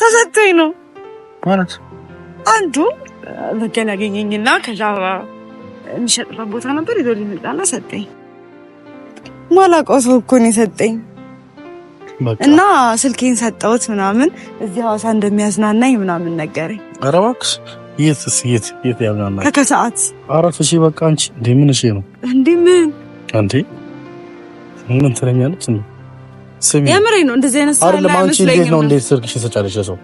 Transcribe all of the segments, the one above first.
ሰሰቶኝ ነው ማለት አንዱ በገና ያገኘኝና ከዛ የሚሸጥበት ቦታ ነበር ይዞ ሊመጣና ሰጠኝ። ማላውቀው ሰው እኮ ነው የሰጠኝ እና ስልኬን ሰጠሁት ምናምን እዚህ ሐዋሳ እንደሚያዝናናኝ ምናምን ነገረኝ። ኧረ እባክሽ የት የት የት ያዝናናኝ? ከከሰዓት አራት እሺ በቃ አንቺ እንደምን እሺ ነው እንደምን አንቺ ምን ትለኛለች እንዴ ስሚ፣ ነው። እንደዚህ አይነት ሰው አይደለም። አንቺ እንዴት ነው እንዴት ሰጫለሽ ሰው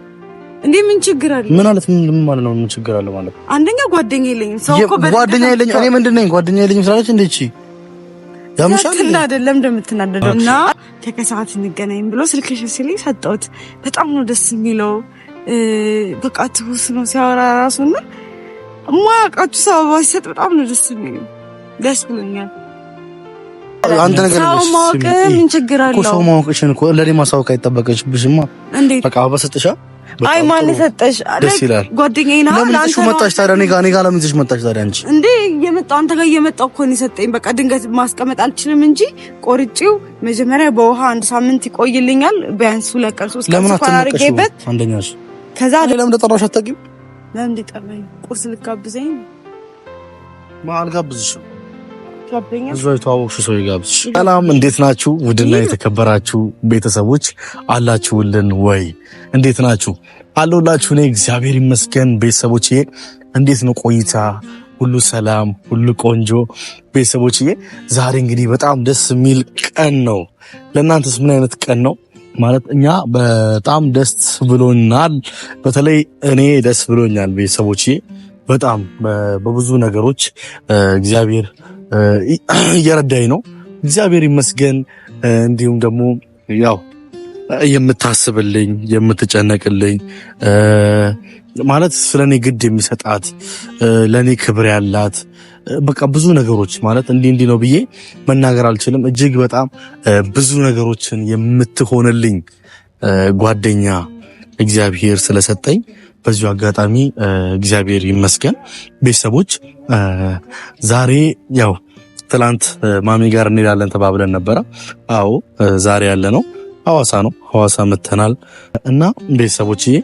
እንዴ ምን ችግር አለ? ምን ምን ማለት ነው? ምን ችግር አለ ማለት አንደኛ ጓደኛ የለኝም። ሰው እኮ ጓደኛ የለኝም። እኔ ምንድን ነኝ? ጓደኛ የለኝም ስላለች እንዴ እቺ ያምሻል እንዴ አይደለም እንገናኝ ብሎ ስልክሽን ሲለኝ ሰጠሁት። በጣም ነው ደስ የሚለው። በቃ ትሁስ ነው ሲያወራ ራሱና ማቃቹ ሰው ሲሰጥ በጣም ነው ደስ የሚለው። ደስ ብሎኛል። አንድ ነገር ሰው ማወቅ ምን ችግር አለው? ሰው ማወቅሽን እኮ ለእኔ ማሳወቅ አይጠበቅብሽማ። በቃ አበባ አይ ማን ሰጠሽ? ደስ ይላል። ጓደኛዬ ናት። ለምን እሱ መጣሽ ታዲያ? እኔ ጋር እኔ ጋር ለምን ይዘሽ መጣሽ ታዲያ? አንቺ እንዴ እየመጣሁ አንተ ጋር እየመጣሁ እኮ ነው የሰጠኝ። በቃ ድንገት ማስቀመጥ አልችልም እንጂ ቆርጬው መጀመሪያ በውሃ አንድ ሳምንት ይቆይልኛል። ቢያንስ ሁለት ቀን ሶስት ቀን ስኳር አድርጌበት አንደኛሽ። ከዛ ለምን እንደጠራሁሽ አታውቂም? ለምን እንደጠራኝ ቁርስ ልጋብዘኝ? ማን አልጋብዝሽም ብዙ የተዋወቅሽ ሰው ይጋብዝሽ። ሰላም፣ እንዴት ናችሁ? ውድና የተከበራችሁ ቤተሰቦች አላችሁልን ወይ? እንዴት ናችሁ? አለሁላችሁ። እኔ እግዚአብሔር ይመስገን። ቤተሰቦችዬ እንዴት ነው ቆይታ? ሁሉ ሰላም፣ ሁሉ ቆንጆ። ቤተሰቦችዬ ዛሬ እንግዲህ በጣም ደስ የሚል ቀን ነው። ለእናንተስ ምን አይነት ቀን ነው? ማለት እኛ በጣም ደስ ብሎናል። በተለይ እኔ ደስ ብሎኛል ቤተሰቦች በጣም በብዙ ነገሮች እግዚአብሔር እየረዳኝ ነው፣ እግዚአብሔር ይመስገን። እንዲሁም ደግሞ ያው የምታስብልኝ የምትጨነቅልኝ ማለት ስለ እኔ ግድ የሚሰጣት ለእኔ ክብር ያላት በቃ ብዙ ነገሮች ማለት እንዲህ እንዲህ ነው ብዬ መናገር አልችልም። እጅግ በጣም ብዙ ነገሮችን የምትሆንልኝ ጓደኛ እግዚአብሔር ስለሰጠኝ በዚሁ አጋጣሚ እግዚአብሔር ይመስገን። ቤተሰቦች ዛሬ ያው ትላንት ማሚ ጋር እንሄዳለን ተባብለን ነበረ። አዎ ዛሬ ያለ ነው ሐዋሳ ነው። ሐዋሳ መተናል እና ቤተሰቦችዬ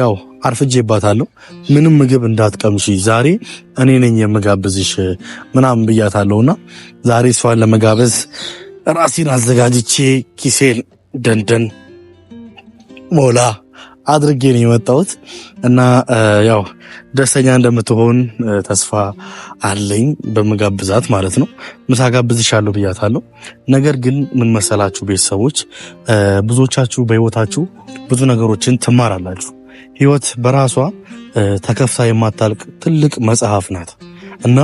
ያው አርፍጄባታለሁ። ምንም ምግብ እንዳትቀምሺ ዛሬ እኔ ነኝ የምጋብዝሽ ምናምን ብያታለሁና ዛሬ እሷን ለመጋበዝ ራሴን አዘጋጅቼ ኪሴን ደንደን ሞላ አድርጌ ነው የመጣሁት እና ያው ደስተኛ እንደምትሆን ተስፋ አለኝ። በምጋብዛት ማለት ነው ምሳ ጋብዝሻለሁ ብያታለሁ። ነገር ግን ምን መሰላችሁ ቤተሰቦች፣ ብዙዎቻችሁ በህይወታችሁ ብዙ ነገሮችን ትማራላችሁ። ህይወት በራሷ ተከፍታ የማታልቅ ትልቅ መጽሐፍ ናት እና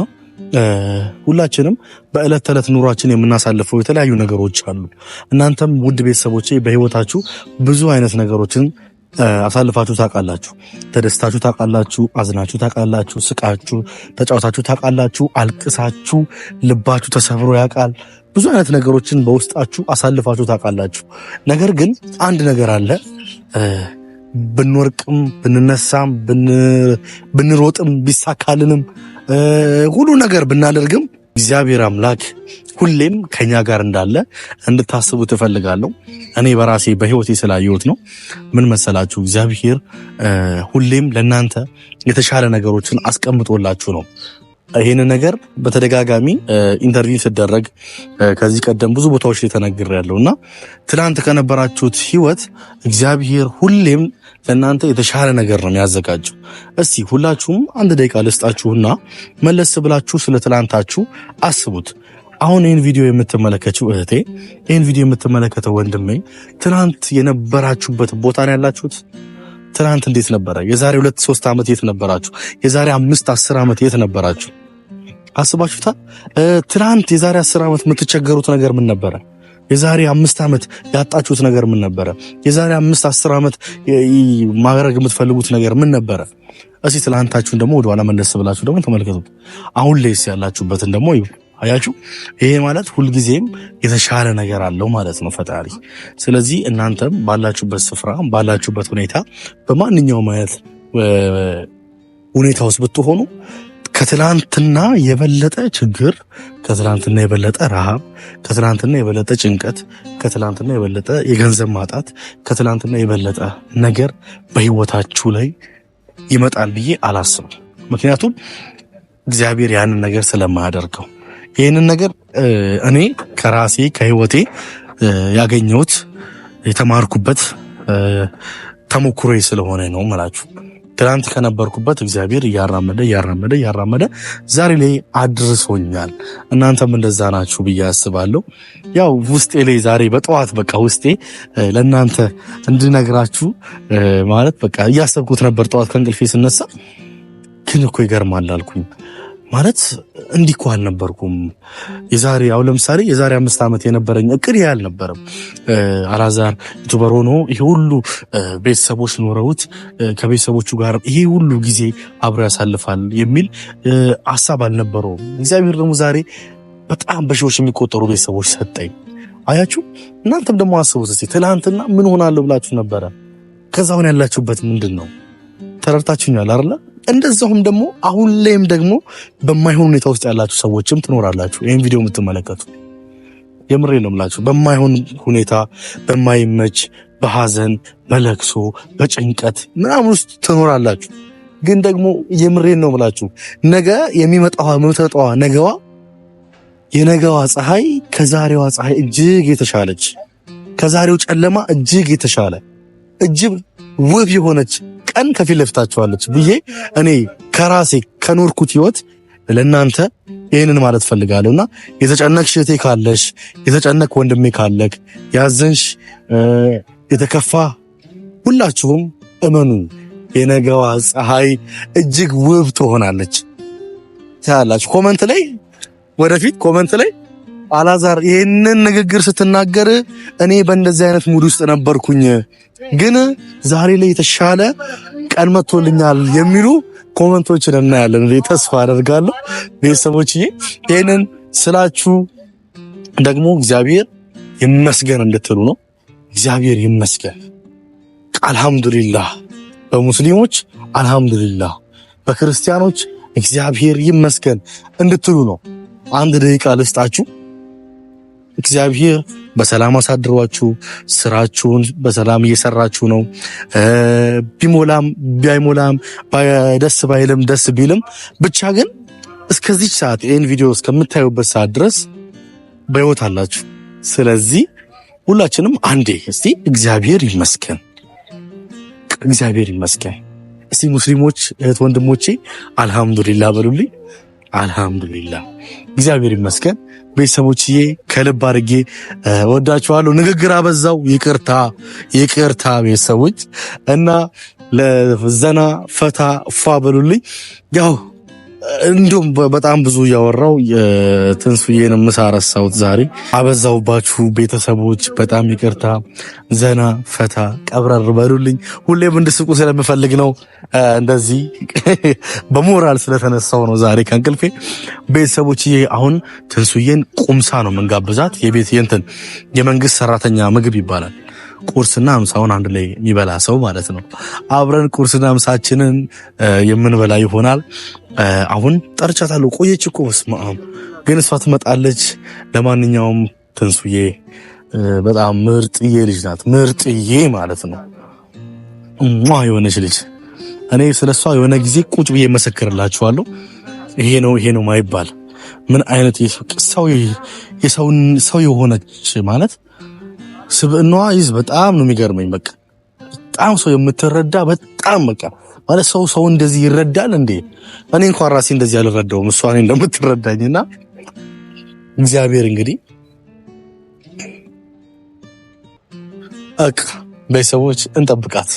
ሁላችንም በዕለት ተዕለት ኑሯችን የምናሳልፈው የተለያዩ ነገሮች አሉ። እናንተም ውድ ቤተሰቦቼ በህይወታችሁ ብዙ አይነት ነገሮችን አሳልፋችሁ ታውቃላችሁ፣ ተደስታችሁ ታውቃላችሁ፣ አዝናችሁ ታውቃላችሁ፣ ስቃችሁ ተጫውታችሁ ታውቃላችሁ፣ አልቅሳችሁ ልባችሁ ተሰብሮ ያውቃል። ብዙ አይነት ነገሮችን በውስጣችሁ አሳልፋችሁ ታውቃላችሁ። ነገር ግን አንድ ነገር አለ። ብንወርቅም ብንነሳም ብንሮጥም ቢሳካልንም ሁሉ ነገር ብናደርግም እግዚአብሔር አምላክ ሁሌም ከኛ ጋር እንዳለ እንድታስቡ ትፈልጋለሁ። እኔ በራሴ በህይወቴ ስላየሁት ነው። ምን መሰላችሁ? እግዚአብሔር ሁሌም ለእናንተ የተሻለ ነገሮችን አስቀምጦላችሁ ነው። ይህን ነገር በተደጋጋሚ ኢንተርቪው ስደረግ ከዚህ ቀደም ብዙ ቦታዎች ላይ ያለው እና ትናንት ከነበራችሁት ህይወት እግዚአብሔር ሁሌም ለእናንተ የተሻለ ነገር ነው ያዘጋጀው። እስቲ ሁላችሁም አንድ ደቂቃ ልስጣችሁና መለስ ብላችሁ ስለ ትናንታችሁ አስቡት። አሁን ይህን ቪዲዮ የምትመለከችው እህቴ፣ ይህን ቪዲዮ የምትመለከተው ወንድሜ ትናንት የነበራችሁበት ቦታ ነው ያላችሁት። ትናንት እንዴት ነበረ? የዛሬ ሁለት ሶስት ዓመት የት ነበራችሁ? የዛሬ አምስት አስር ዓመት የት ነበራችሁ? አስባችሁታል? ትናንት የዛሬ አስር ዓመት የምትቸገሩት ነገር ምን ነበረ? የዛሬ አምስት ዓመት ያጣችሁት ነገር ምን ነበረ? የዛሬ አምስት አስር ዓመት ማድረግ የምትፈልጉት ነገር ምን ነበረ? እስኪ ትናንታችሁን ደግሞ ወደኋላ መለስ ብላችሁ ደግሞ ተመልከቱት። አሁን ላይስ ያላችሁበትን ደግሞ አያችሁ፣ ይሄ ማለት ሁልጊዜም የተሻለ ነገር አለው ማለት ነው ፈጣሪ። ስለዚህ እናንተም ባላችሁበት ስፍራ፣ ባላችሁበት ሁኔታ፣ በማንኛውም አይነት ሁኔታ ውስጥ ብትሆኑ ከትላንትና የበለጠ ችግር፣ ከትላንትና የበለጠ ረሃብ፣ ከትላንትና የበለጠ ጭንቀት፣ ከትላንትና የበለጠ የገንዘብ ማጣት፣ ከትላንትና የበለጠ ነገር በህይወታችሁ ላይ ይመጣል ብዬ አላስብም። ምክንያቱም እግዚአብሔር ያንን ነገር ስለማያደርገው ይህንን ነገር እኔ ከራሴ ከህይወቴ ያገኘሁት የተማርኩበት ተሞክሮ ስለሆነ ነው ምላችሁ። ትናንት ከነበርኩበት እግዚአብሔር እያራመደ እያራመደ እያራመደ ዛሬ ላይ አድርሶኛል። እናንተም እንደዛ ናችሁ ብዬ አስባለሁ። ያው ውስጤ ላይ ዛሬ በጠዋት በቃ ውስጤ ለእናንተ እንድነግራችሁ ማለት በቃ እያሰብኩት ነበር ጠዋት ከእንቅልፌ ስነሳ። ግን እኮ ይገርማል አልኩኝ ማለት እንዲህ አልነበርኩም። የዛሬ አሁን ለምሳሌ የዛሬ አምስት ዓመት የነበረኝ እቅድ ይህ አልነበረም። አላዛር ዩቱበር ሆኖ ይሄ ሁሉ ቤተሰቦች ኖረውት ከቤተሰቦቹ ጋር ይሄ ሁሉ ጊዜ አብሮ ያሳልፋል የሚል ሀሳብ አልነበረውም። እግዚአብሔር ደግሞ ዛሬ በጣም በሺዎች የሚቆጠሩ ቤተሰቦች ሰጠኝ። አያችሁ። እናንተም ደግሞ አስቡት እስኪ ትላንትና ምን ሆናለሁ ብላችሁ ነበረ። ከዛሁን ያላችሁበት ምንድን ነው? ተረድታችሁኛል አይደለ? እንደዛሁም ደግሞ አሁን ላይም ደግሞ በማይሆን ሁኔታ ውስጥ ያላችሁ ሰዎችም ትኖራላችሁ። ይህን ቪዲዮ የምትመለከቱ የምሬ ነው ምላችሁ በማይሆን ሁኔታ፣ በማይመች፣ በሐዘን፣ በለቅሶ፣ በጭንቀት ምናምን ውስጥ ትኖራላችሁ። ግን ደግሞ የምሬን ነው ምላችሁ ነገ የሚመጣዋ የምትመጣዋ ነገዋ የነገዋ ፀሐይ ከዛሬዋ ፀሐይ እጅግ የተሻለች ከዛሬው ጨለማ እጅግ የተሻለ እጅግ ውብ የሆነች ቀን ከፊት ለፊታችኋለች ብዬ እኔ ከራሴ ከኖርኩት ህይወት ለእናንተ ይህንን ማለት ፈልጋለሁ እና የተጨነቅሽ እህቴ ካለሽ፣ የተጨነቅ ወንድሜ ካለክ፣ ያዘንሽ የተከፋ ሁላችሁም እመኑ፣ የነገዋ ፀሐይ እጅግ ውብ ትሆናለች። ታያላችሁ። ኮመንት ላይ ወደፊት ኮመንት ላይ አላዛር ይህንን ንግግር ስትናገር እኔ በእንደዚህ አይነት ሙድ ውስጥ ነበርኩኝ፣ ግን ዛሬ ላይ የተሻለ ቀን መጥቶልኛል የሚሉ ኮመንቶችን እናያለን። ተስፋ አደርጋለሁ ቤተሰቦችዬ። ይህንን ስላችሁ ደግሞ እግዚአብሔር ይመስገን እንድትሉ ነው። እግዚአብሔር ይመስገን፣ አልሐምዱሊላህ። በሙስሊሞች አልሐምዱሊላህ፣ በክርስቲያኖች እግዚአብሔር ይመስገን እንድትሉ ነው። አንድ ደቂቃ ልስጣችሁ። እግዚአብሔር በሰላም አሳድሯችሁ ስራችሁን በሰላም እየሰራችሁ ነው። ቢሞላም ቢያይሞላም ደስ ባይልም ደስ ቢልም ብቻ ግን እስከዚች ሰዓት ይህን ቪዲዮ እስከምታዩበት ሰዓት ድረስ በህይወት አላችሁ። ስለዚህ ሁላችንም አንዴ እስቲ እግዚአብሔር ይመስገን፣ እግዚአብሔር ይመስገን። እስቲ ሙስሊሞች እህት ወንድሞቼ አልሐምዱሊላ በሉልኝ። አልሐምዱሊላ እግዚአብሔር ይመስገን። ቤተሰቦችዬ ከልብ አድርጌ ወዳችኋለሁ። ንግግር አበዛው፣ ይቅርታ ይቅርታ ቤተሰቦች እና ለዘና ፈታ ፏ በሉልኝ ያው እንዲሁም በጣም ብዙ እያወራው የትንሱዬን ምሳ ረሳሁት። ዛሬ አበዛውባችሁ ቤተሰቦች፣ በጣም ይቅርታ። ዘና ፈታ ቀብረር በሉልኝ። ሁሌም እንድስቁ ስለምፈልግ ነው። እንደዚህ በሞራል ስለተነሳው ነው ዛሬ ከእንቅልፌ። ቤተሰቦች አሁን ትንሱዬን ቁምሳ ነው የምንጋብዛት። የቤት የእንትን የመንግስት ሰራተኛ ምግብ ይባላል። ቁርስና ምሳውን አንድ ላይ የሚበላ ሰው ማለት ነው። አብረን ቁርስና ምሳችንን የምንበላ ይሆናል። አሁን ጠርቻታለሁ። ቆየች እኮ ስማም፣ ግን እሷ ትመጣለች። ለማንኛውም ትንሱዬ በጣም ምርጥዬ ልጅ ናት። ምርጥዬ ማለት ነው የሆነች ልጅ እኔ ስለ እሷ የሆነ ጊዜ ቁጭ ብዬ መሰክርላችኋለሁ። ይሄ ነው ይሄ ነው ማይባል ምን አይነት ሰው የሆነች ማለት ስብእናዋ ይዝ በጣም ነው የሚገርመኝ። በቃ በጣም ሰው የምትረዳ በጣም በቃ ማለት ሰው ሰው እንደዚህ ይረዳል እንዴ? እኔ እንኳን ራሴ እንደዚህ አልረዳውም እሷ እንደምትረዳኝ እንደምትረዳኝና እግዚአብሔር እንግዲህ እቅ ቤተሰቦች እንጠብቃት።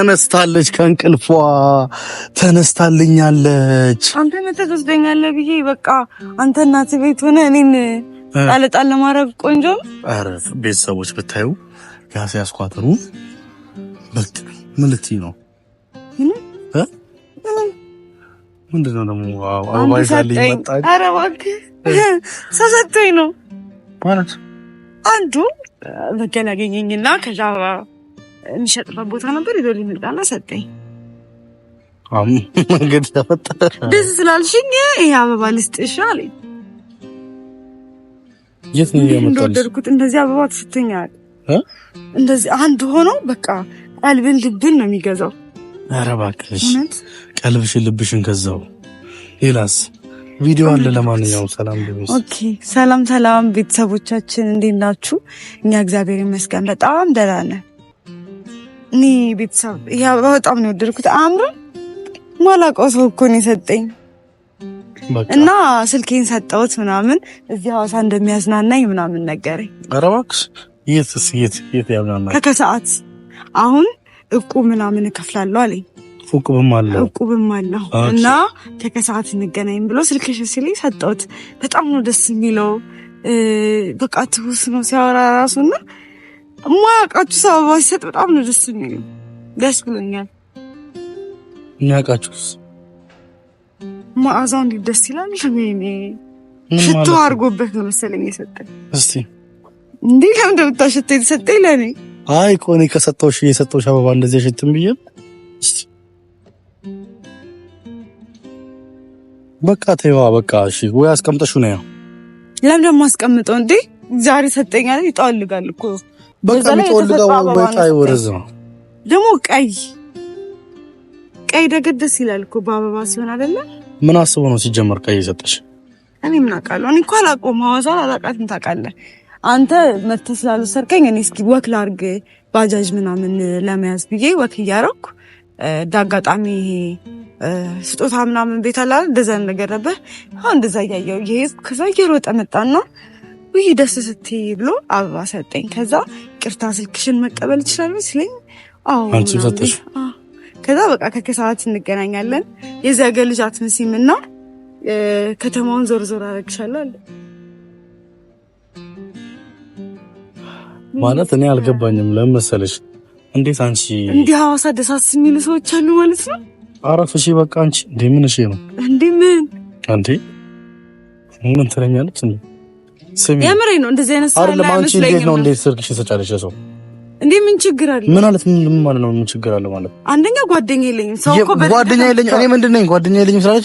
ተነስታለች ከእንቅልፏ ተነስታልኛለች። አንተን ተወስደኛለህ ብዬ በቃ አንተ እናት ቤት ሆነ እኔን ጣለጣል ለማድረግ ቆንጆ ቤተሰቦች ብታዩ ጋስ ያስኳትሩ በቃ ምን ልትይ ነው? ምንድን ነው ደግሞ አበባ ይዛልኝ መጣች። ኧረ እባክህ ሰው ነው ማለት አንዱ በገና ያገኘኝና ከዛ የሚሸጥበት ቦታ ነበር። ይዞ ሊመጣና ሰጠኝ። መንገድ ተፈጠረ። ደስ ስላልሽኝ ይሄ አበባ ልስጥሽ አለኝ። የት ነው ያመጣልሽ? እንደወደድኩት እንደዚህ አበባ ትስቶኛል። እንደዚህ አንድ ሆኖ በቃ ቀልብን ልብን ነው የሚገዛው። ኧረ እባክሽ ቀልብሽን ልብሽን ገዛው። ሌላስ ቪዲዮ አለ። ለማንኛውም ሰላም ልብስ። ኦኬ ሰላም ሰላም፣ ቤተሰቦቻችን እንዴት ናችሁ? እኛ እግዚአብሔር ይመስገን በጣም ደህና ነን። እኔ ቤተሰብ ይሄ አበባ በጣም ነው የወደድኩት። አምሮ ማላውቀው ሰው እኮ ነው የሰጠኝ እና ስልኬን ሰጠሁት ምናምን እዚህ ሐዋሳ እንደሚያዝናናኝ ምናምን ነገረኝ። ኧረ እባክሽ የት የት የት ያዝናናኝ? ከከሰዓት አሁን እቁብ ምናምን እከፍላለሁ አለኝ። እቁብም አለው እቁብም አለው እና ከከሰዓት እንገናኝ ብሎ ስልክሽ ሲለኝ ሰጠሁት። በጣም ነው ደስ የሚለው። በቃ ትሁስ ነው ሲያወራ ራሱና ማያውቃችሁ ሰው አበባ ሲሰጥ በጣም ነው ደስ የሚለኝ። ደስ ብሎኛል። የሚያውቃችሁስ መዓዛው እንዴት ደስ ይላል! ሽቶ አድርጎበት ነው መሰለኝ የሰጠኝ። እስቲ እንዴ ለምን የተሰጠኝ ለእኔ አይ እኮ እኔ ከሰጠሁሽ የሰጠሁሽ አበባ እንደዚህ አይሸትም ብዬ በቃ ተይዋ በቃ እሺ። ወይ አስቀምጠሽው ነው ያው ለምን ደግሞ አስቀምጠው እንዴ ዛሬ ሰጠኛል እኮ በቃ የሚጠወልገው በፀሐይ ወርዝ ነው። ደግሞ ቀይ ቀይ ደገድ ደስ ይላል እኮ በአበባ ሲሆን አይደለ? ምን አስቦ ነው ሲጀመር ቀይ የሰጠሽ? እኔ ምን አውቃለሁ? እኔ እኮ አላውቀውም። ሐዋሳን አላውቃትም። ታውቃለህ አንተ መተህ ስላልወሰድከኝ እኔ እስኪ ወክ ላድርግ ባጃጅ ምናምን ለመያዝ ብዬ ወክ እያደረኩ እንዳጋጣሚ ይሄ ስጦታ ምናምን ቤት አላለ እንደዛ ነገር ነበር። እንደዛ እያየሁ ይሄ ከዛ እየሮጠ መጣና ውይ ደስ ስትይ ብሎ አበባ ሰጠኝ። ከዛ ቅርታ ስልክሽን መቀበል ይችላል ሲለኝ አዎ ሰጠሽ። ከዛ በቃ ከከሰዓት እንገናኛለን የዚህ ሀገር ልጅ አትመስይም እና ከተማውን ዞር ዞር አደረግሻለሁ ማለት እኔ አልገባኝም። ለምን መሰለሽ እንዴት አንቺ እንዲህ ሐዋሳ ደሳስ የሚሉ ሰዎች አሉ ማለት ነው። አረፍ እሺ በቃ አንቺ እንዴ ምን እሺ ነው እንዴ ምን አንዴ ምን ትለኛለች እንዴ ስሚ፣ ነው። እንደዚህ አይነት ሰው አይደለም። አንቺ እንዴት ነው እንዴት ስልክሽ ሰው እንዴ? ምን ችግር አለ? ምን ምን ማለት ነው? ምን ችግር አለ ማለት? አንደኛ ጓደኛ የለኝም። ሰው እኮ እኔ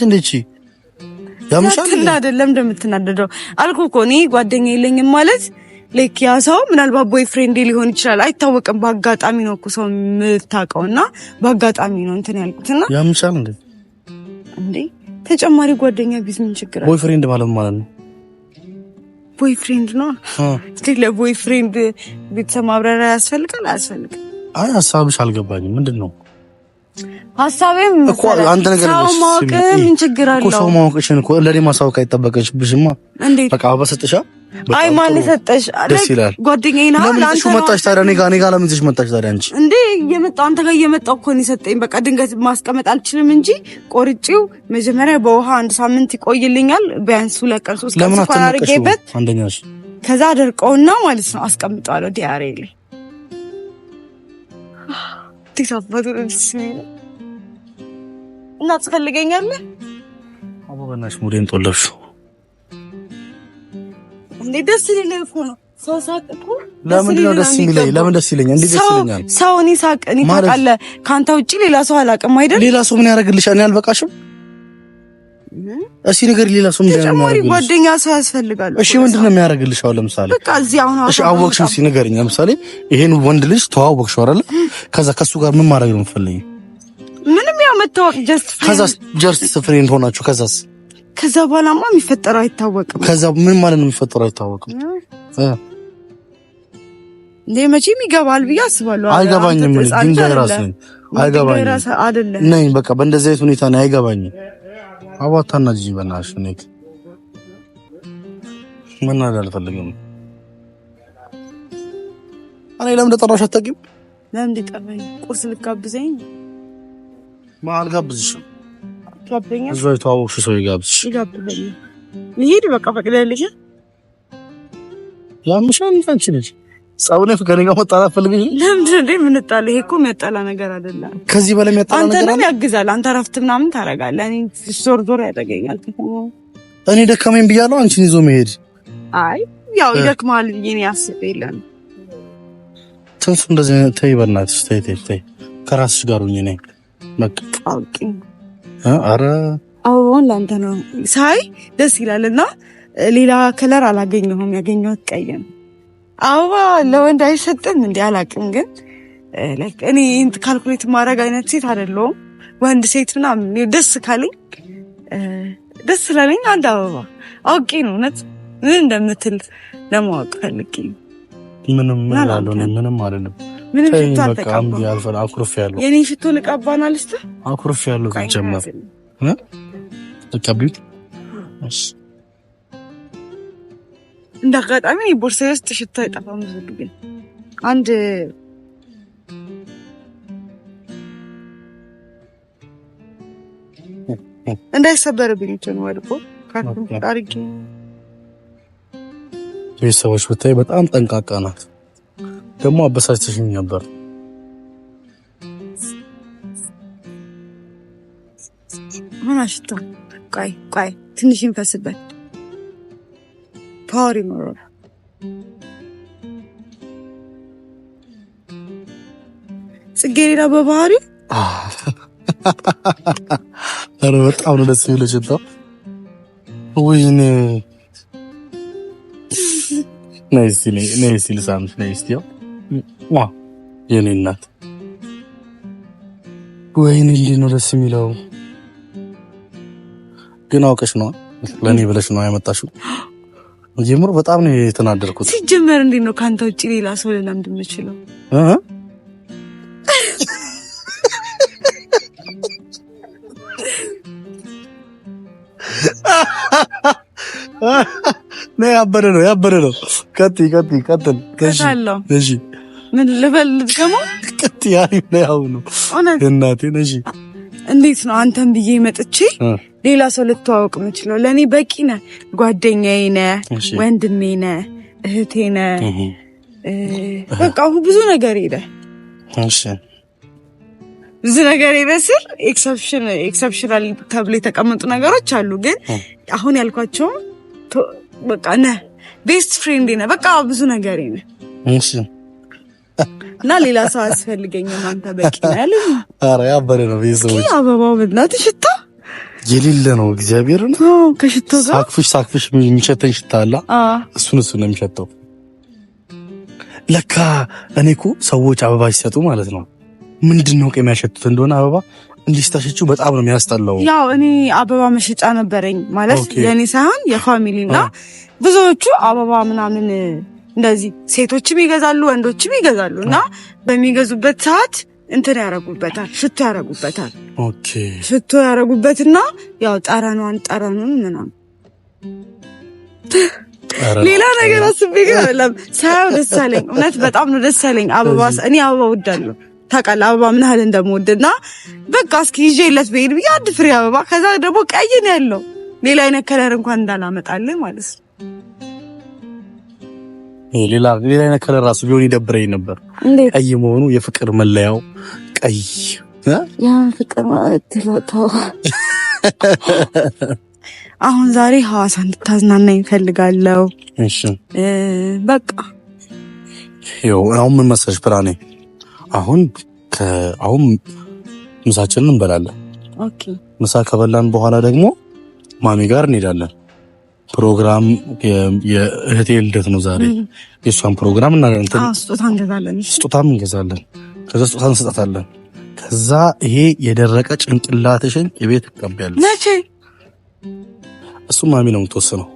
እንዴ እቺ ያምሻል እንዴ? አይደለም እኮ ማለት ላይክ ያ ሰው ምናልባት ቦይ ፍሬንድ ሊሆን ይችላል፣ አይታወቅም። በአጋጣሚ ነው እኮ ሰው የምታውቀው እና በአጋጣሚ ነው እንትን ያልኩትና ያምሻል እንዴ? እንዴ ተጨማሪ ጓደኛ ቢዝ ምን ችግር አለ? ቦይ ፍሬንድ ማለት ማለት ነው ቦይፍሬንድ ነው። እስቲ ለቦይፍሬንድ ቤተሰብ ማብራሪያ ያስፈልጋል አያስፈልግም? አይ ሀሳብሽ አልገባኝም። ምንድን ነው ሀሳቤም አንድ ነገር ሰው ማወቅ ምን ችግር አለው? ሰው ማወቅሽን እኮ ለእኔ ማሳወቅ አይጠበቅብሽማ። በቃ በሰጥሻ አይ ማን ሰጠሽ? ደስ ይላል። ጓደኛዬ ነው። ለምን ሹ መጣሽ ታዲያ? እኔ ጋር እኔ ጋር ለምን መጣሽ አንቺ እንዴ እየመጣሁ አንተ ጋር እየመጣሁ እኮ ነው የሰጠኝ። በቃ ድንገት ማስቀመጥ አልችልም እንጂ ቆርጬው መጀመሪያ በውሃ አንድ ሳምንት ይቆይልኛል። ቢያንስ ሁለት ቀን ሶስት ቀን ስኳር አድርጌበት አንደኛሽ ከዛ አደርቀውና ማለት ነው አስቀምጠዋለሁ ዲያሬ ላይ ቲሳፈቱ ደስ እና ትፈልገኛለህ? አቦ በእናትሽ ሙዴን ጦለብሽው እንዴ ደስ ሊለኝ እኮ ነው። ሰው ሳቅ ደስ የሚለኝ? ለምን ደስ ይለኛል? እንዴ ደስ ይለኛል። ሰው እኔ ሳቅ እኔ ታውቃለህ፣ ከአንተ ውጪ ሌላ ሰው አላውቅም አይደል? ሌላ ሰው ምን ያደርግልሻል? እኔ አልበቃሽም? እሺ ነገር ሌላ ሰው ምን ምንድን ነው ጓደኛ ሰው ያስፈልጋል። እሺ ምንድን ነው የሚያደርግልሽ? አሁን ለምሳሌ በቃ እዚህ አሁን እሺ አወቅሽው፣ እስኪ ንገሪኝ። ለምሳሌ ይሄን ወንድ ልጅ ተዋወቅሽው አይደል? ከዛ ከሱ ጋር ምን ማድረግ ነው የምትፈልጊው? ምንም ያው መታወቅ ጀስት ፍሬንድ ሆናችሁ ከዛስ ከዛ በኋላማ የሚፈጠረው አይታወቅም። ከዛ ምን ማለት ነው የሚፈጠረው አይታወቅም። እንዴ መቼም ይገባል ብዬ አስባለሁ። አይገባኝም። ግን ራስ ነኝ። አይገባኝም ነኝ በቃ በእንደዚህ አይነት ሁኔታ ነው አይገባኝም። አባታና ጂጂ በናሽ ነክ መናደድ አልፈልግም። እኔ ለምን እንደጠራሽ አታውቂም? ለምን እንደጠራኝ ቁርስ ልጋብዘኝ? ማ አልጋብዝሽም ጋብዘኛ። እዛ የተዋወቅሽው ሰው ይጋብዝሽ። ይጋብዘኛ። ልሄድ በቃ ፈቅደልኝ። ያምሻል። አንቺ ልጅ ጸውነ ከኔ ጋር መጣላት ፈልገሽ ለምንድን ነው የምንጣለው? ይሄ እኮ የሚያጣላ ነገር አይደለም። ከዚህ በላይ የሚያጣላ ነገር አንተ ነው ያግዛል። አንተ እረፍት ምናምን ታደርጋለህ። እኔ ዞር ዞር ያደርገኛል። እኔ ደከመኝ ብያለሁ አንቺን ይዞ መሄድ። አይ ያው ይደክማል ብዬ ነው ያስብ የለን ትንሱ እንደዚህ ተይ፣ በእናትሽ ተይ፣ ተይ፣ ተይ ከራስሽ ጋር ሁኚ። እኔ በቃ አውቂ አረ አበባውን ለአንተ ነው ሳይ ደስ ይላል። እና ሌላ ከለር አላገኘሁም፣ ያገኘሁት ቀይ ነው። አበባ ለወንድ አይሰጥም እንዲ አላቅም፣ ግን እኔ ካልኩሌት ማድረግ አይነት ሴት አይደለሁም። ወንድ ሴት ምናምን ደስ ካለኝ ደስ ስላለኝ አንድ አበባ አውቄ ነው እውነት ምን እንደምትል ለማወቅ ፈልጌ ምንም ምን ምንም አልልም። ምንም ሽቶ አልተቀባም። የኔ ሽቶ ውስጥ ሽቶ አንድ እንዳይሰበርብኝ ቤተሰቦች ብታይ በጣም ጠንቃቃ ናት። ደግሞ አበሳጭሽኝ ነበር። ምን አሽቶ? ቆይ ቆይ ትንሽ ይንፈስበት፣ ፓወር ይኖረዋል። ጽጌረዳ በባህሪ ኧረ በጣም ነው ደስ የሚለው ሽታ። ወይኔ ነይ እስኪ ነይ እስኪ ልሳምሽ ነይ እስኪ ዋ የኔ እናት ወይኔ እንዴት ነው ደስ የሚለው። ግን አውቀሽ ነው ለእኔ ብለሽ ነው ያመጣሽው። ጀምሮ በጣም ነው የተናደርኩት። ሲጀመር እንዴት ነው ከአንተ ውጭ ሌላ ሰው ልላምድ የምችለው? ነው ያበረ ነው ያበረ ነው። ቀጥ ቀጥ ቀጥል ነጂ ምን ልበል ደግሞ ቀጥ ያሪ ነው ያው ነው እናቴ ነጂ። እንዴት ነው አንተን ብዬ መጥቼ ሌላ ሰው ልተዋወቅ የምችለው? ለእኔ በቂ ነ ጓደኛዬ ነህ፣ ወንድሜ ነህ፣ እህቴ ነ በቃ ብዙ ነገር ሄደ ብዙ ነገር ኤክሰፕሽን ኤክሰፕሽናል ተብሎ የተቀመጡ ነገሮች አሉ፣ ግን አሁን ያልኳቸውም በቃ ነ ቤስት ፍሬንድ ነ በቃ ብዙ ነገር ነ እና ሌላ ሰው አያስፈልገኝም። አንተ በቂ ነህ ያለ ያበረ ነው። ቤተሰቦች አበባው በእናትህ ሽታ የሌለ ነው። እግዚአብሔር ጋር ሳክፍሽ ሳክፍሽ የሚሸተኝ ሽታ አለ። እሱን እሱን ነው የሚሸተው። ለካ እኔ እኮ ሰዎች አበባ ሲሰጡ ማለት ነው ምንድን ነው የሚያሸቱት እንደሆነ አበባ እንዲስታሸችው በጣም ነው የሚያስጠላው። ያው እኔ አበባ መሸጫ ነበረኝ ማለት የእኔ ሳይሆን የፋሚሊ እና ብዙዎቹ አበባ ምናምን እንደዚህ ሴቶችም ይገዛሉ ወንዶችም ይገዛሉ እና በሚገዙበት ሰዓት እንትን ያረጉበታል፣ ሽቶ ያረጉበታል። ኦኬ ሽቶ ያረጉበትና ያው ጠረኗን ጠረኑን ምናምን ሌላ ነገር አስቤ ግን አይደለም ሳያው ደስ አለኝ። እውነት በጣም ነው ደስ አለኝ። አበባ እኔ አበባ እወዳለሁ ታውቃለህ አበባ ምን ያህል እንደምወድና በቃ እስኪ ይዤለት ብሄድ ብዬ አንድ ፍሬ አበባ ከዛ ደግሞ ቀይ ነው ያለው ሌላ አይነት ከለር እንኳን እንዳላመጣልህ ማለት ነው። ሌላ ሌላ አይነት ከለር ራሱ ቢሆን ይደብረኝ ነበር። ቀይ መሆኑ የፍቅር መለያው ቀይ ያን ፍቅር ማለት አሁን ዛሬ ሐዋሳ እንድታዝናና ይፈልጋለሁ። እሺ በቃ ይኸው አሁን ምን መሰለሽ ብራኔ አሁን አሁን ምሳችንን እንበላለን። ምሳ ከበላን በኋላ ደግሞ ማሚ ጋር እንሄዳለን። ፕሮግራም የእህቴ ልደት ነው ዛሬ። የእሷን ፕሮግራም እናገናኛለን፣ ስጦታም እንገዛለን። ከዛ ስጦታ እንሰጣታለን። ከዛ ይሄ የደረቀ ጭንቅላትሽን የቤት ትቀቢያለሽ። እሱ ማሚ ነው የምትወስነው።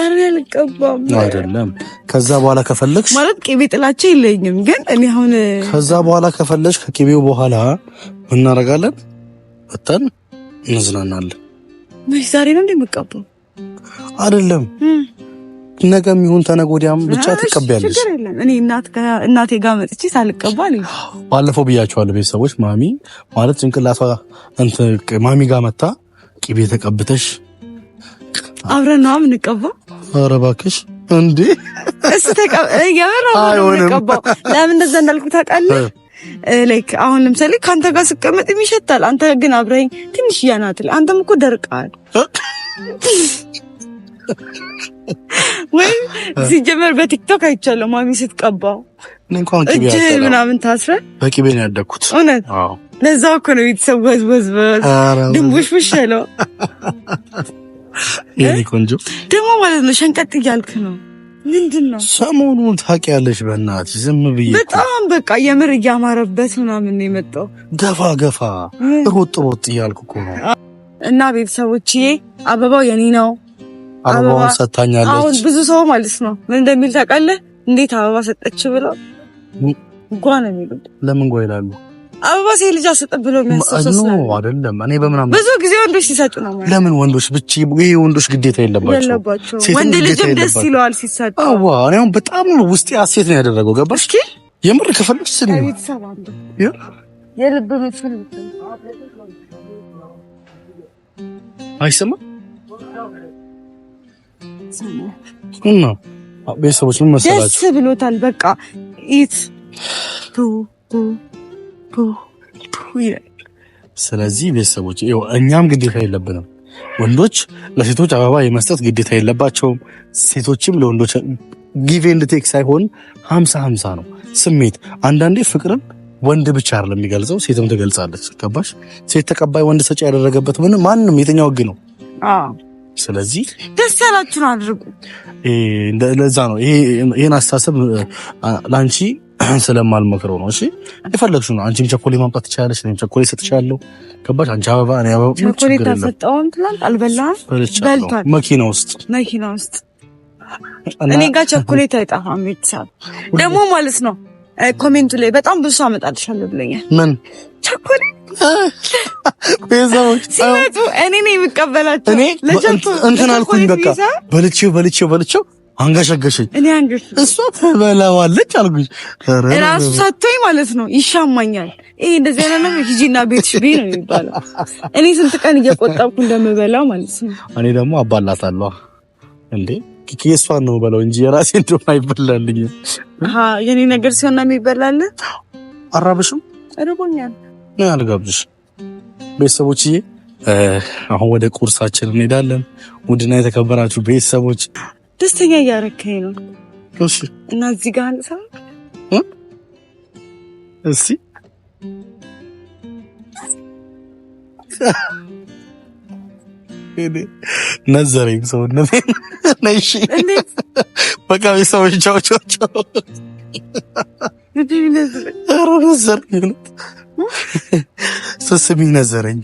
አረ አልቀባም አይደለም። ከዛ በኋላ ከፈለግሽ ማለት ቅቤ ጥላቸው የለኝም፣ ግን እኔ አሁን ከዛ በኋላ ከፈለግሽ ከቅቤው በኋላ ምን እናደርጋለን? ወጥተን እንዝናናለን። መች ዛሬ ነው እንደምቀባው አይደለም፣ ነገም ይሁን ተነገ ወዲያም ብቻ ትቀቢያለሽ። እኔ እናቴ ጋር መጥቼ ሳልቀባ ባለፈው ብያቸዋለሁ ቤተሰቦች። ማሚ ማለት ጭንቅላቷ ማሚ ጋር መታ ቅቤ ተቀብተሽ አብረን ነው የምንቀባ። ኧረ እባክሽ እንዴ! እሱ ተቀበል የምንቀባው ለምን እንደዛ እንዳልኩ ታውቃለህ? ላይክ አሁን ለምሳሌ ከአንተ ጋር ስቀመጥ ይሸታል። አንተ ግን አብረኝ ትንሽ እያናትል። አንተም እኮ ደርቀሃል። ወይም ሲጀመር በቲክቶክ አይቻለሁ ማሚ ስትቀባው እጅ ምናምን ታስረ በቂቤ ነው ያደግኩት። እውነት ለዛው እኮ ነው ቤተሰብ ወዝወዝወዝ ድንቦሽ ብሽ ያለው የኔ ቆንጆ ደግሞ ማለት ነው ሸንቀጥ እያልክ ነው። ምንድን ነው ሰሞኑን ታውቂያለሽ? በእናትሽ ዝም ብዬ በጣም በቃ የምር እያማረበት ምናምን ነው የመጣው። ገፋ ገፋ ሮጥ ሮጥ እያልኩ እኮ ነው። እና ቤተሰቦቼ አበባው የኔ ነው። አበባውን ሰታኛለች። አሁን ብዙ ሰው ማለት ነው ምን እንደሚል ታውቃለህ? እንዴት አበባ ሰጠች ብለው እንኳን የሚሉት ለምን ጓ ይላሉ አበባ ሴት ልጅ አሰጠ ብሎ የሚያስሰሰ አይደለም። እኔ በምናምን ብዙ ጊዜ ወንዶች ሲሰጡ ነው። ለምን ወንዶች ብቻ ይሄ ወንዶች ግዴታ የለባቸው። ወንድ ልጅም ደስ ይለዋል ሲሰጡ። አዋ እኔ አሁን በጣም ውስጤ ሐሴት ነው ያደረገው። ገባሽ? የምር ከፈለግሽ ስኒ የልብ አይሰማ እና ቤተሰቦች ምን መሰላችሁ ደስ ብሎታል። በቃ ኢት ቱ ስለዚህ ቤተሰቦች እኛም ግዴታ የለብንም። ወንዶች ለሴቶች አበባ የመስጠት ግዴታ የለባቸውም። ሴቶችም ለወንዶች ጊቭ ኤንድ ቴክ ሳይሆን ሀምሳ ሀምሳ ነው ስሜት። አንዳንዴ ፍቅርን ወንድ ብቻ አይደለም የሚገልጸው፣ ሴትም ትገልጻለች። ገባሽ? ሴት ተቀባይ ወንድ ሰጪ ያደረገበት ምን ማንም የትኛው ህግ ነው? ስለዚህ ደስ ያላችሁን አድርጉ። ለዛ ነው ይሄን አስተሳሰብ ለአንቺ ስለማልመክረው ነው። እሺ የፈለግሽው ነው። አንቺም ቸኮሌ ማምጣት ትችላለሽ። እኔም ቸኮሌ ሰጥቻለሁ። ገባሽ? አንቺ አበባ፣ እኔ አበባ። ቸኮሌ ተሰጠውም ትላል። አልበላህም? በልቷል። መኪና ውስጥ መኪና ውስጥ እኔ ጋር ቸኮሌት አይጠፋም። ቤተሰብ ደግሞ ማለት ነው ኮሜንቱ ላይ በጣም ብዙ አመጣልሻለሁ ብለኛል። ምን ቸኮሌት ሲመጡ እኔ ነው የምቀበላቸው። እንትን አልኩኝ በቃ በልቼው በልቼው በልቼው አንገሸገሸኝ። እኔ አንገሽ እሷ ተበላዋለች አልኩሽ። እራሱ ሰጥቶኝ ማለት ነው ይሻማኛል። ይሄ እንደዚህ አይነት ነው። ሂጂና ቤትሽ ቤት ነው የሚባለው። እኔ ስንት ቀን እየቆጠብኩ እንደምበላው ማለት ነው። እኔ ደግሞ አባላታለሁ እንዴ ኬሷን ነው በለው እንጂ የራሴ እንደውም አይበላልኝ። የኔ ነገር ሲሆን ነው የሚበላል። አራበሽም እርቦኛል። አልጋብዝሽ ቤተሰቦችዬ። አሁን ወደ ቁርሳችን እንሄዳለን። ውድና የተከበራችሁ ቤተሰቦች ደስተኛ እያረከኝ ነው እና እዚህ ጋር አንሳ እስቲ ነዘረኝ ሰውነት ነሽ በቃ ሰዎች ቻው ቻው ቻው ነዘረኝ ስስሚ ነዘረኝ